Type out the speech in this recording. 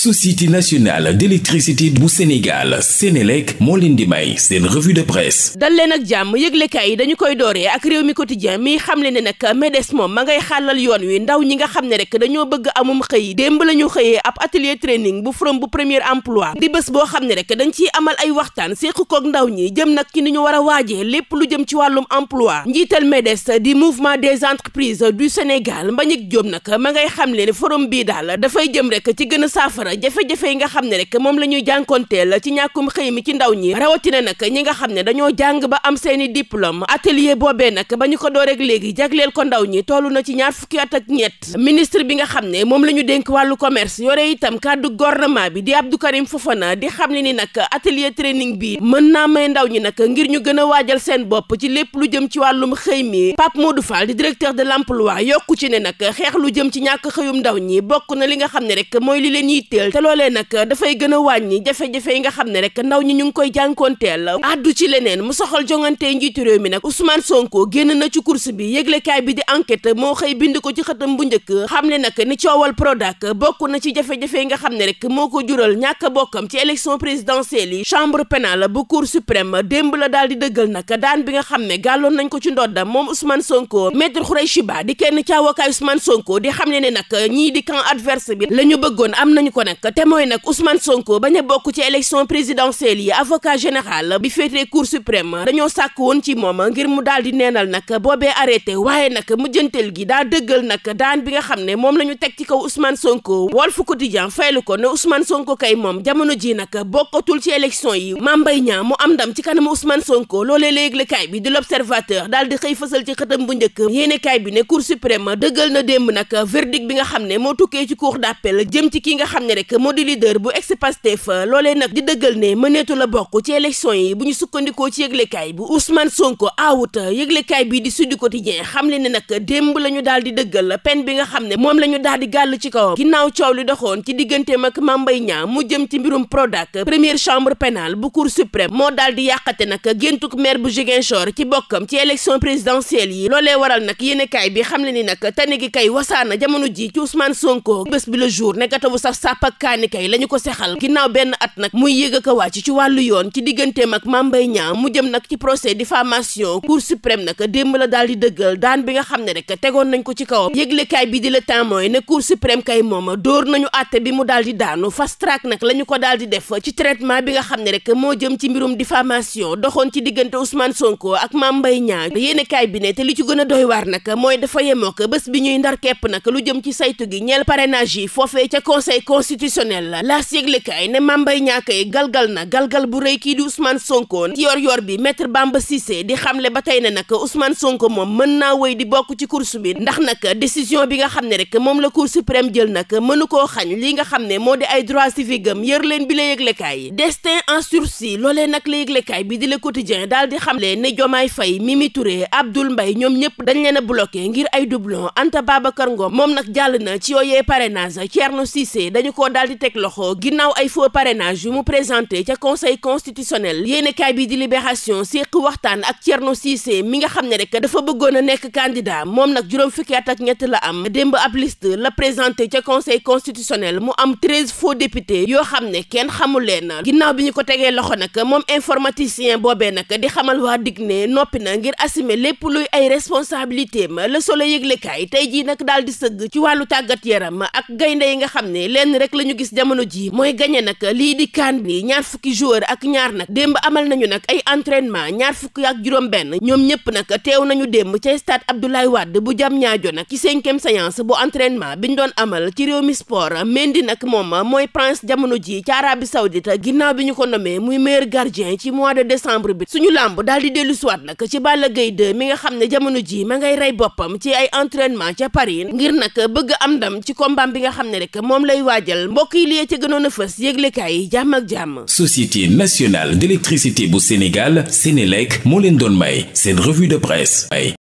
société nationale d'électricité bu Sénégal Sénélec moo leen di may seen revue de presse dal ak jàmm yëglekaay yi dañu koy dooree ak réew mi quotidien mi xamle ne nag MEDES moom ma ngay xàllal yoon wi ndaw ñi nga xam ne rek dañoo bëgg amum xëy démb la ñu xëyee ab atelier training bu forum bu premier emploi di bés boo xam ne rek dañ ci amal ay waxtaan séq koog ndaw ñi jëm nag ci ni ñu war a waajee lépp lu jëm ci wàllum emploi njiital MEDES di mouvement des entreprises du Sénégal Mbagnick Diop nag ma ngay xamle ne forum bii daal dafay jëm rek ci gën a saafara jafe-jafe yi nga xam ne rek moom la ñuy jànkonteel ci ñàkkum xëy mi ci ndaw ñi rawatina nag ñi nga xam ne dañoo jàng ba am seeni diplôme atelier boobee nag ba ñu ko door rek léegi jagleel ko ndaw ñi tollu na ci ñaar fukki at ak ñett ministre bi nga xam ne moom la ñu dénk wàllu commerce yore itam kàddu gouvernement bi di Abdou Karim Fofana di xam ne ni nag atelier training bi mën naa may ndaw ñi nag ngir ñu gën a waajal seen bopp ci lépp lu jëm ci wàllum xëy mi Pape Modou Fall di directeur de l'emploi yokku ci ne nag xeex lu jëm ci ñàkk xëyum ndaw ñi jël te loolee nag dafay gën a wàññi jafe-jafe yi nga xam ne rek ndaw ñi ñu ngi koy jànkoonteel addu ci leneen mu soxal jongantee njiitu réew mi nag Ousmane Sonko génn na ci course bi yëglekaay bi di enquête moo xëy bind ko ci xëtam bu njëkk xam ne nag ni coowal Prodac bokk na ci jafe-jafe yi nga xam ne rek moo ko jural ñàkk bokkam ci élection présidentielle yi chambre pénale bu cour suprême démb la daal di dëggal nag daan bi nga xam ne gàlloon nañ ko ci ndoddam moom Ousmane Sonko maître Khoureychi Ba di kenn ci avocat Ousmane Sonko di xam ne ne nag ñii di camp adverse bi la ñu bëggoon am nañu ko nag te mooy nag Ousmane Sonko bañ a bokk ci élection présidentielle yi avocat général bi féetee cour suprême dañoo sàkk woon ci moom ngir mu daal di neenal nag boobee arrêté waaye nag mujjanteel gi daa dëggal nag daan bi nga xam ne moom la teg ci kaw Ousmane Sonko Walf Quotidien faylu ko ne Ousmane Sonko kay moom jamono ji nag bokkatul ci élection yi Mame Mbaye Niang mu am ndam ci kanamu Ousmane Sonko loolee la bi di l'Observateur daal xëy fësal rek moo di bu ex-Pastef loolee nag di dëggal ne mëneetu la bokk ci élection yi bu ñu sukkandikoo ci yëglekaay bu Ousmane Sonko aawut yëglekaay bii di Sud Quotidien xam le nag démb la ñu daal di dëggal peine bi nga xam ne moom la ñu daal di gàll ci kawam ginnaaw coow li doxoon ci digganteem ak Mame Mbaye Niang mu jëm ci mbirum Prodac première chambre pénale bu Cour suprême moo daal yàqate nag géntuk maire bu Ziguinchor ci bokkam ci élection présidentielle yi loolee waral nag yéenekaay bi xam le ni nag tane gi makkaani kay la ñu ko sexal ginnaaw benn at nag muy yëg ak a wàcc ci wàllu yoon ci digganteem ak Mame Mbaye Niang mu jëm nag ci procès diffamation cour suprême nag démb la daal di dëggal daan bi nga xam ne rek tegoon nañ ko ci kawam yëglekaay bi di la Témoin ne cour suprême kay moom dóor nañu àtte bi mu daal di daanu fast track nag la ñu ko daal di def ci traitement bi nga xam ne rek moo jëm ci mbirum diffamation doxoon ci diggante Ousmane Sonko ak Mame Mbaye Niang yéenekaay bi ne te li ci gën a doy waar nag mooy dafa yemoo ko bés bi ñuy ndar képp nag lu jëm ci saytu gi ñeel parrainage yi constitutionnel la laas yëglekaay ne mambay ñaakay galgal na galgal bu rëy kii di Ousmane Sonko yor yor bi maître Bamba Cissé di xamle ba tey ne nag Ousmane Sonko moom mën naa wëy di bokk ci course bi ndax nag décision bi nga xam ne rek moom la Cour suprême jël nag mënu koo xañ li nga xam ne moo di ay droits civiques am yër leen bi la yëglekaay destin en sursis loolee nag la yëglekaay bi di la Le Quotidien daal di xamle ne Diomaye Faye Mimi Touré Abdoul mbay ñoom ñëpp dañ leen a bloqué ngir ay doublon Anta Babacar Ngom moom nag jàll na ci daal di teg loxo ginnaaw ay faux parrainage yu mu présenté ca conseil constitutionnel yéenekaay bi di libération séq waxtaan ak Thierno mi nga xam ne rek dafa bëggoon a nekk candidat moom nag juróom fukki at ak ñett la am démb ab liste la présenté ca conseil constitutionnel mu am treize faux députés yoo xam ne kenn xamul leen ginnaaw bi ñu ko tegee loxo nag moom informaticien boobee nag di xamal waa dig ne noppi na ngir assumer lépp luy ay responsabilité ma Le Soleil yëglekaay tey jii nag daal di sëgg ci wàllu tàggat yaram ak gaynde yi rek ñu gis jamono jii mooy gagné nag lii di kaan bi ñaar fukki joueur ak ñaar nag démb amal nañu nag ay entraînement ñaar fukki ak juróom-benn ñoom ñëpp nag teew nañu démb ca stade Abdoulaye Wade bu jam ñaajo nag ci cinquième séance bu bi ñu doon amal ci réew mi sport Mendy nag moom mooy prince jamono jii ci Arabie Saoudite ginnaaw bi ñu ko nomee muy meilleur gardien ci mois de décembre bi suñu làmb daal di dellu siwaat nag ci Balla Gaye 2 mi nga xam ne jamono jii ma ngay rey boppam ci ay entraînement ca ngir nag bëgg am ndam ci combat bi nga xam ne rek moom lay waajal Fall mbokk yi liyee ca gënoon a fës yëglekaay yi jàmm ak jàmm société nationale d'électricité bu Sénégal Sénélec moo leen doon may seen revue de presse ay